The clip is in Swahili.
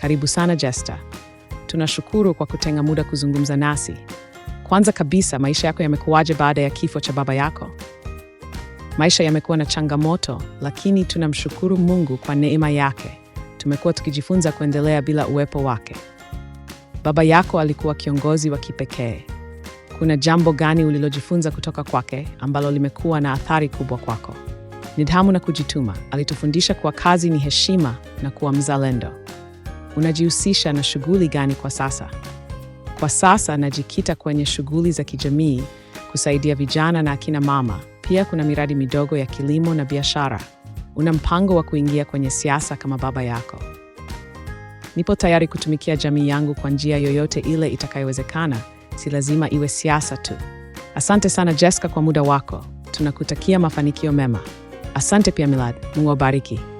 Karibu sana jesta tunashukuru kwa kutenga muda kuzungumza nasi. Kwanza kabisa, maisha yako yamekuwaje baada ya kifo cha baba yako? Maisha yamekuwa na changamoto, lakini tunamshukuru Mungu kwa neema yake. Tumekuwa tukijifunza kuendelea bila uwepo wake. Baba yako alikuwa kiongozi wa kipekee. Kuna jambo gani ulilojifunza kutoka kwake ambalo limekuwa na athari kubwa kwako? Nidhamu na kujituma. Alitufundisha kuwa kazi ni heshima na kuwa mzalendo. Unajihusisha na shughuli gani kwa sasa? Kwa sasa najikita kwenye shughuli za kijamii, kusaidia vijana na akina mama. Pia kuna miradi midogo ya kilimo na biashara. Una mpango wa kuingia kwenye siasa kama baba yako? Nipo tayari kutumikia jamii yangu kwa njia yoyote ile itakayowezekana, si lazima iwe siasa tu. Asante sana Jessica kwa muda wako, tunakutakia mafanikio mema. Asante pia Milad, Mungu abariki.